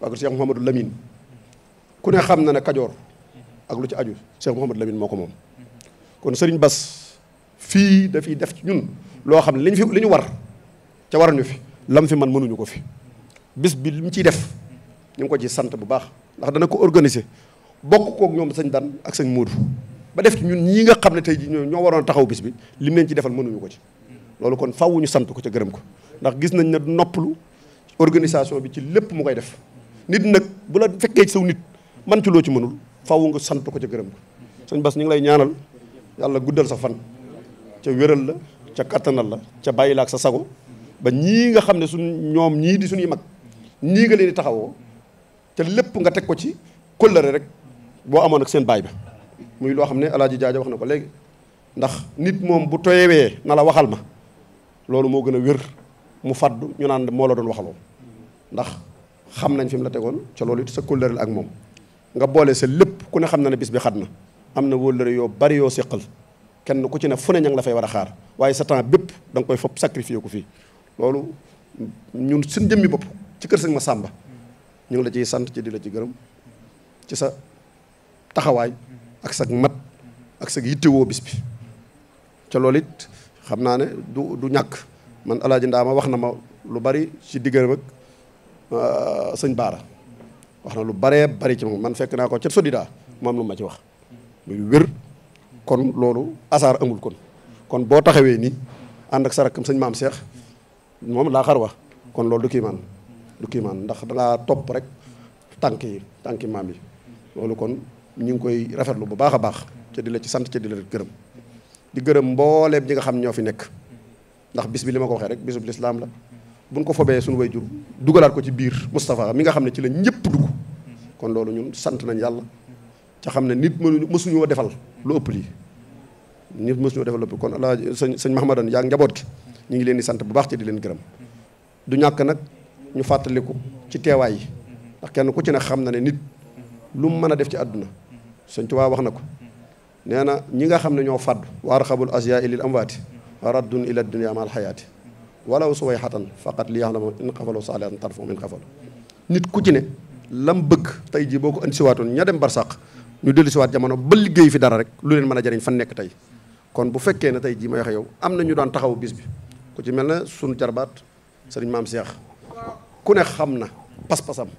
waa kër Cheikh Mouhamadou Lamine ku ne xam na ne Kajoor ak lu ci aju Cheikh Mouhamadou Lamine moo ko moom kon sëriñ Bas fii dafiy def ci ñun loo xam ne li ñu fi li ñu war ca waruñu fi lam fi man mënuñu ko fi bis bi li mu ciy def ñu ngi ko ci sant bu baax ndax dana ko organiser bokk kook ñoom sañ dan ak sañ muudu ba def ci ñun ñii nga xam ne tey jii ñoo waroon taxaw bis bi lim leen ci defal mënuñu ko ci loolu kon fawuñu sant ko ca gërëm ko ndax gis nañ ne noppalu organisation bi ci lépp mu koy def nit nag bu la fekkee saw nit man loo ci mënul faaw nga sant ko ca gërëm ko sëñ Bass ñu ngi lay ñaanal yàlla guddal sa fan ca wéral la ca kattanal la ca bàyyi la ak sa sago ba ñii nga xam ne suñ ñoom ñii di suñuy mag nii nga leen taxawoo te lépp nga teg ko ci kóllëre rek boo amoon ak seen baay ba muy loo xam ne alaaji jaaja wax na ko léegi ndax nit moom bu toyewee na la waxal ma loolu moo gën a wér mu faddu ñu naan moo la doon waxaloo ndax xam nañ fi mu la tegoon ca loolu it sa kóllëre la ak moom nga boole sa lépp ku ne xam na ne bis bi xat na am na wóllëre yoo bari yoo séqal kenn ku ci ne fu ne ña la fay war a xaar waaye sa temps bépp da nga koy fopp sacrifier ko fii loolu ñun suñ jëmmi bopp ci kër sëñ ma sàmba ñu ngi la ciy sant ci di la ci gërëm ci sa taxawaay ak sa mat ak sa yittewoo bis bi ca loolu it xam naa ne du du ñàkk man alaaji ma wax na ma lu bari ci diggam ak euh, sëñ Baara wax na lu baree bari ci moom man fekk naa ko ca Sodida moom lu ma ci wax muy wér kon loolu asaar amul kon kon boo taxawee nii ànd ak sarakam sëñ maam Cheikh moom laa xar wax kon loolu du kii man du kiimaan ndax dangaa topp rek tànk yi tànki maam yi loolu kon ñu ngi koy rafetlu bu baax a baax ca di la ci sant ca di la gërëm di gërëm mbooleem ñi nga xam ñoo fi nekk ndax bis bi li ma ko waxee rek bis bisub lislaam la bu buñ ko fobee suñu way jur dugalaat ko ci biir Moustapha mi nga xam ne ci la ñëpp dugg kon loolu ñun sant nañ yàlla ca xam ne nit mënuñu mësuñoo defal lu ëpp lii nit mësuñoo defal lu ëpp kon alaa sëñ sëñ Mahamadan yaa njaboot gi ñu ngi leen di sant bu baax ca di leen gërëm ñàkk nag ñu fàttaliku ci teewaay yi ndax kenn ku ci ne xam na ne nit lu mu mën a def ci àdduna sëñ Tuubaa wax na ko nee na ñi nga xam ne ñoo fàddu waar xabul asiya lil amwaati raddun ila dunia maal xayaati walaw suway xatan faqat li yaxlama in xafalo saalihan tarfu min xafalo nit ku ci ne lam bëgg tey jii boo ko andisiwaatoon ña dem barsàq ñu dellu siwaat jamono ba liggéey fi dara rek lu leen mën a jariñ fan nekk tey kon bu fekkee ne tey jii may wax yow am na ñu daan taxaw bis bi ku ci mel ne sunu jarbaat sëriñ maam Cheikh ku ne xam na pas-pasam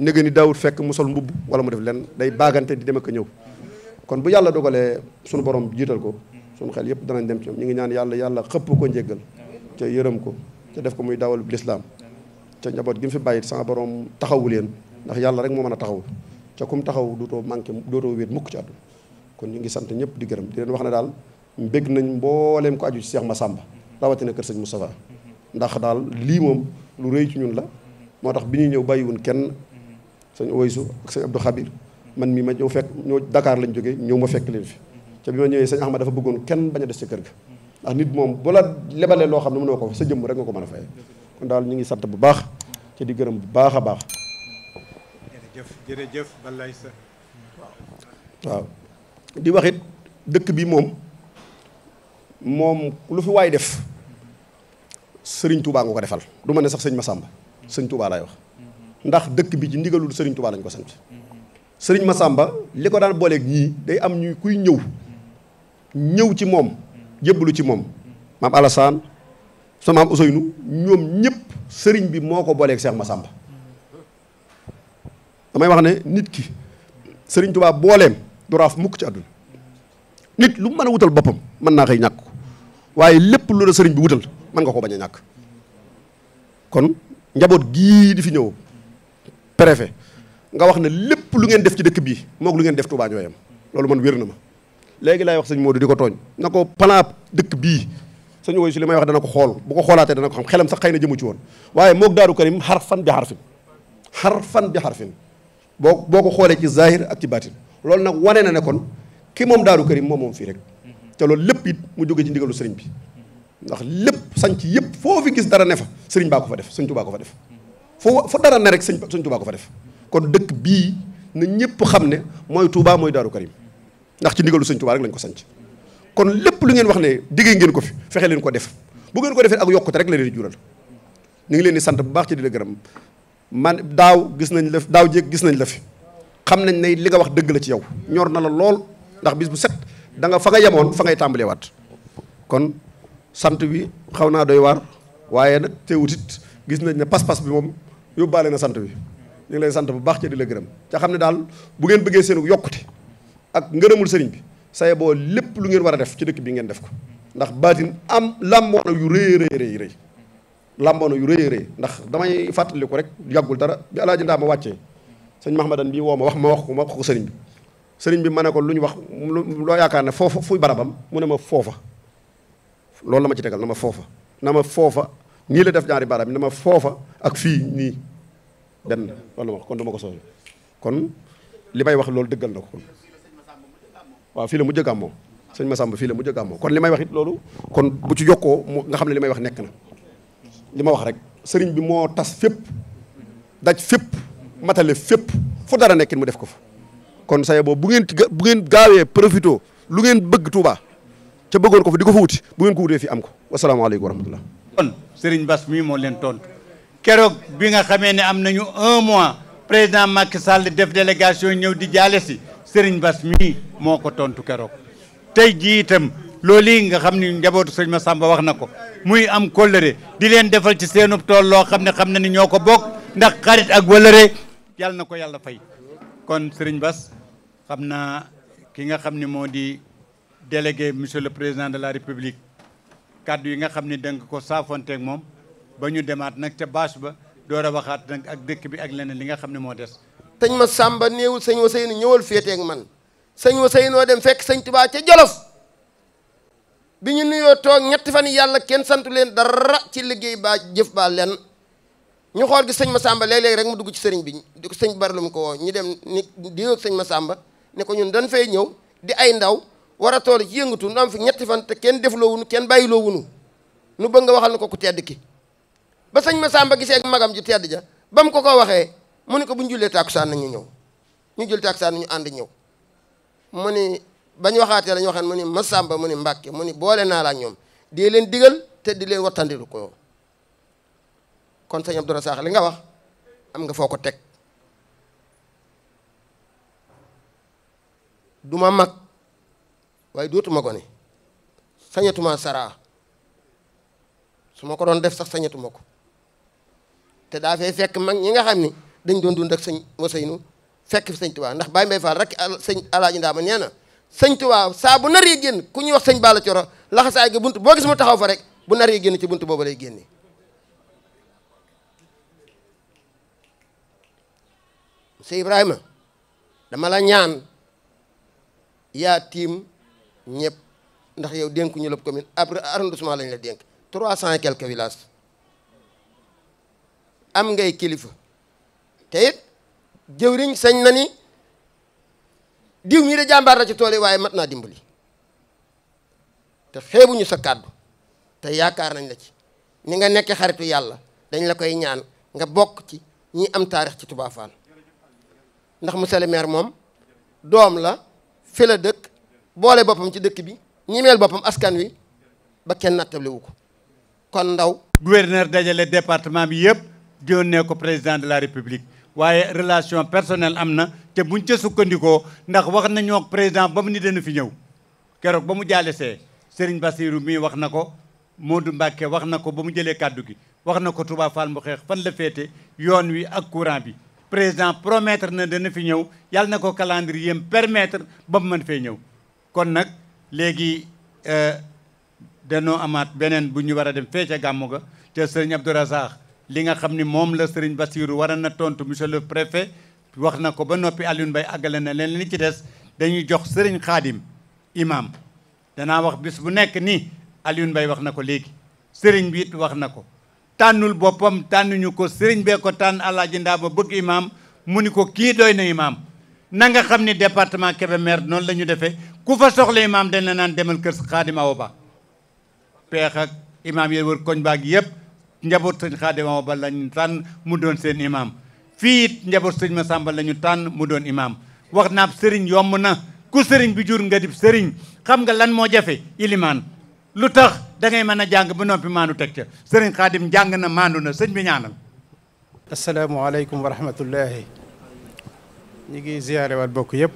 néega ni daawut fekk mu sol mbubb wala mu def leen day baagante di dem ak ñëw kon bu yàlla dogalee sunu borom jiital ko sunu xel yëpp danañ dem ci ñu ngi ñaan yàlla yàlla xëpp ko njéggal ca yërëm ko def ko muy dawal lislaam ca njaboot gi mu fi bàyyit sama borom taxawu leen ndax yàlla rek moo mën a taxaw ca kum taxaw dootoo manqué dootoo wéet mukk ci àdduna kon ñu ngi sant ñëpp di gërëm di leen wax na daal mbég nañ mbooleem ko aju ci Seex Masàmba rawatina kër sëñ Moustapha ndax daal lii moom lu rëy ci ñun la moo tax bi ñuy ñëw bàyyiwun kenn sëñ Oysu ak sëñ Abdou Xabir man mii ma ñëw fekk ñoo dakaar lañ jóge ñëw ma fekk leen fi ca bi ma ñëwee sëñ Ahmad dafa bëggoon kenn bañ a des ci kër ga ndax nit moom bu la lebalee loo xam ne mënoo ko fa sa jëmm rek nga ko mën a fay kon daal ñu ngi sant bu baax ci di gërëm bu baax a baax jërëjëf jërëjëf Balaye sa waaw di waxit dëkk bi moom moom lu fi waay def sëriñ Touba nga ko defal du man ne sax sëñ ma sëñ Touba laay wax ndax dëkk bi ci ndigalul sëriñ Touba lañ ko sant sëriñ sàmba li ko daan booleeg ñii day am ñuy kuy ñëw ñëw ci moom lu ci moom maam Alassane sa maam Ousseynou ñoom ñëpp sëriñ bi moo ko booleeg ma Massamba damay wax ne nit ki sëriñ Touba booleem du raaf mukk ci àdduna nit lu mën a wutal boppam mën naa xëy ñàkk waaye lépp lu la sëriñ bi wutal mën ko bañ a ñàkk kon njaboot gii di fi ñëw préfet nga wax ne lépp lu ngeen def ci dëkk bii moog lu ngeen def Touba ñooyam loolu man wér na ma léegi laay wax sañ moo Modou di ko tooñ na ko palaa dëkk bii sëñ woy si li may wax dana ko xool bu ko xoolaatee dana ko xam xelam sax xëy na jëmu ci woon waaye moog daaru karim xarfan bi xarfin xarfan bi xarfin boo boo ko xoolee ci zahir ak ci baatin loolu nag wane na ne kon ki moom daaru karim moom moom fii rek te loolu lépp bi ndax lépp sanc yëpp foo gis dara ne fa sëriñ baa ko fa def sëñ tubaa ko fa def foo fa dara ne rek sëñ sëñ tubaa ko fa def kon dëkk bii na ñëpp xam ne mooy tuubaa mooy daaru karim ndax ci ndigalu sëñ tubaa rek lañ ko sanc kon lépp lu ngeen wax ne diggee ngeen ko fi fexe leen ko def bu ngeen ko defee ak yokkute rek la leen di jural ñu ngi leen di sant bu baax ci di la gërëm man daaw gis nañ la daaw jéeg gis nañ la fi xam nañ ne li nga wax dëgg la ci yow ñor na la lool ndax bis bu set da nga yemoon fa ngay tàmbalee waat kon sant bi xaw naa doy waar waaye nag teewut it gis nañ ne pas-pas bi moom yóbbaale na sant bi ñu ngi lay sant bu baax ca di la gërëm ca xam ne daal bu ngeen bëggee seenu yokkute ak ngërëmul sëriñ bi saye boo lépp lu ngeen war a def ci dëkk bi ngeen def ko ndax baatin am làmboona yu rëy rëy rëy rëy yu rëy rëy ndax damay fàttali ko rek yàggul dara bi alaaji ndaa ma wàccee sëñ Mahamadan bi woo ma wax ma wax ko ma wax ko sëriñ bi sëriñ bi ma ne ko lu ñu wax loo yaakaa ne foofa fuy barabam mu ne ma foofa loolu la ma ci tegal na ma foofa na ma foofa nii la def ñaari baaraam na ma foofa ak fii nii benn wala wax kon du ma kon li may wax loolu dëggal na ko kon waaw fii la mujj gàmmoo sëñ Massamba fii la mujj gàmmoo kon li may wax loolu kon bu ci yokkoo mu nga xam ne li may wax nekk na li ma wax rek sëriñ bi moo tas fépp daj fépp matale fépp fu dara nekkin mu def ko fa kon saye boobu bu ngeen bu ngeen gaawee profito lu ngeen bëgg Touba ca bëggoon ko fa di ko fa wuti bu ngeen ko wutee fii am ko wasalaamaaleykum wa rahmatullah kon Serigne Bass mii moo leen tontu keroog bi nga xamee ne am nañu un mois président Macky Sall def délégation ñëw di jaale si Serigne Bass mii moo ko tontu keroog tey jii itam loolu yi nga xam ni njabootu sëñ Massamba wax na ko muy am kóllëre di leen defal ci seenub tool loo xam ne xam na ni ñoo ko bokk ndax xarit ak wëllëre yàlla na ko yàlla fay kon Serigne Bass xam naa ki nga xam ne moo di délégué monsieur le président de la république kàddu yi nga xam ne danga ko saafonteeg moom ba ñu demaat nag ca bâche ba door a waxaat nag ak dëkk bi ak leneen li nga xam ne moo des sëñ ma sàmba néewul sëñ wa sëynu ñëwal féeteeg man sëñ wa sëynoo dem fekk sëñ tubaa ca jolof bi ñu nuyoo toog ñetti fan yàlla kenn santu leen dara ci liggéey baa jëf baa ñu xool gi sëñ ma sàmba léeg-léeg rek mu dugg ci sëriñ bi di ko sëñ barlu mu ko woo ñu dem ni diwéeg sëñ ma sàmba ne ko ñun dañ fay ñëw di ay ndaw war a tool ci yëngatu nu am fi ñetti fan te kenn defloo wunu kenn bàyyiloo wunu nu bëgg nga waxal na ko ku tedd ki ba sëñ ma sàmba gisee ak magam ji tedd ja ba mu ko ko waxee mu ne ko bu ñu jullee tàkkusaan nañu ñëw ñu jul tàkkusaan nañu ànd ñëw mu ni bañ waxaatee la ñu waxee mu ni ma sàmba mu ni mbàkke mu ni boole naa la ñoom di leen digal te di leen wattandilu ko kon sëñ Abdou Rassakh li nga wax am nga foo ko teg duma mag waaye dootuma ko sañatuma saraa su ma ko doon def sax sañatuma ko te daa fee fekk mag ñi nga xam ni dañ doon dund ak sëñ Ousseynou fekk fi sëñ Tuubaa ndax Baye Mbaye Fall rek sëñ Alaaji ma nee na sëñ Tuubaa saa bu naree génn ku ñuy wax sëñ Balla Coro laxasaay gi bunt boo gis taxaw fa rek bu naree génn ci bunt boobu lay génne monsieur Ibrahima dama la ñaan yaa tiim ñëpp ndax yow dénkuñu la commune après arrondissement lañu la dénk trois cent et quelques villages am ngay kilifa te it jëwriñ sañ na ni diw mii de jàmbaar la ci tool yi waaye mat naa dimbali te xeebuñu sa kàddu te yaakaar nañ la ci ni nga nekk xaritu yàlla dañ la koy ñaan nga bokk ci ñi am taarix ci Touba Fall ndax monsieur le maire moom doom la fi la dëkk boole boppam ci dëkk bi ñimeel boppam askan wi ba kenn nattable wu ko kon ndaw gouverneur dajale département bi yëpp yónnee ko président de la république waaye relation personnelle am na te buñ ca sukkandikoo ndax wax nañoo ak président ba mu ni dana fi ñëw keroog ba mu see Serigne Bassirou mii wax na ko Modou Mbacke wax na ko ba mu jëlee kàddu gi wax na ko Touba Fall mu xeex fan la féete yoon wi ak courant bi président promettre na dana fi ñëw yàlla na ko calendrier yem permettre ba mu mën fee ñëw kon nag léegi euh, danoo amaat beneen bu ñu war a dem fee ca gàmmu ga te sëriñ Abdou Razak li nga xam ni moom la sëriñ Bassirou war na tontu monsieur le préfet wax na ko ba noppi Alioune Mbaye àggale na leen li ci des dañuy jox sëriñ Xaadim imam danaa wax bis bu nekk nii Alioune Mbaye wax na ko léegi sëriñ bi wax na ko tànnul boppam tànnuñu ko sëriñ bee ko tànn Alaaji Ndaa ba bëgg imam mu ni ko kii doy na imam na nga xam ni département Kébémer noonu la ñu defee ku fa soxla imaam dañ naan demal kër Xaadim Awa Ba peex ak imaam yi wër koñ baag yëpp njaboot sëñ Xaadim Awa Ba la tànn mu doon seen imaam fii it njaboot sëñ Masamba la ñu tànn mu doon imaam wax naab sëriñ yomb na ku sëriñ bi jur nga dib sëriñ xam nga lan moo jafe ilimaan lu tax da man a jàng ba noppi maandu teg ca sëriñ Xaadim jàng na maandu na sëñ bi ñaanal asalaamaaleykum wa rahmatullahi ñu ngi ziyaarewaat bokk yëpp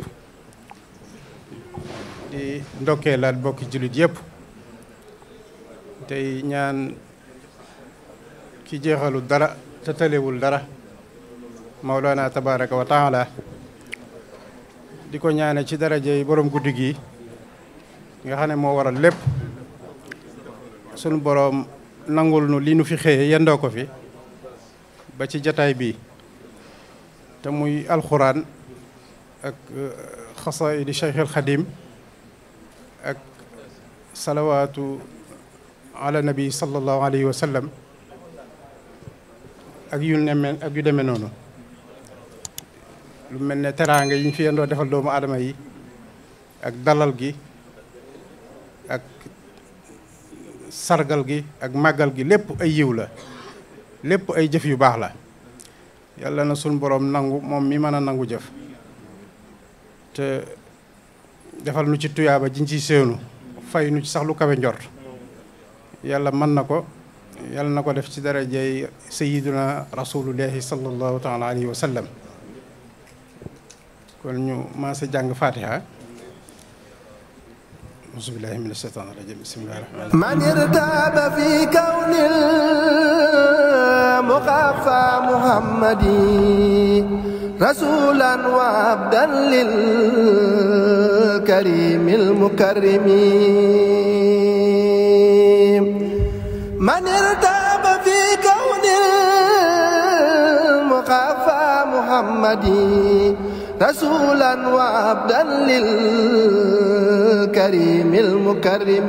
di laat bokki jullit yépp tey ñaan ki jeexalu dara te talewul dara Mawlana tabaraka wa taala di ko ñaane ci daraje yi boroom guddi gi nga xam ne moo waral lépp sunu boroom nangul nu li nu fi xëyee yendoo ko fi ba ci jataay bi te muy alxuraan ak euh, di Cheikhul Xadim ak salawaatu ala nabi sallallahu alayhi wa sallam ak yu nemme ak yu demee noonu lu mel ne teraanga yi ñu fi yendoo defal doomu adama yi ak dalal gi ak sargal gi ak màggal gi lépp ay yiw la lépp ay jëf yu baax la yàlla na sunu boroom nangu moom mi mën a nangu jëf te defal nu ci tuyaaba jiñ ciy séenu fay nu ci saxlu lu njor yàlla mën na ko yàlla na ko def ci darajey sayiduna rasulullahi sallallahu taala alayhi wa sallam kon ñu maase jàng fatiha أعوذ بالله من الشيطان الرجيم مقفى محمدي رسولا وعبدا للكريم المكرم من ارتاب في كون المقفى محمدي رسولا وعبدا للكريم المكرم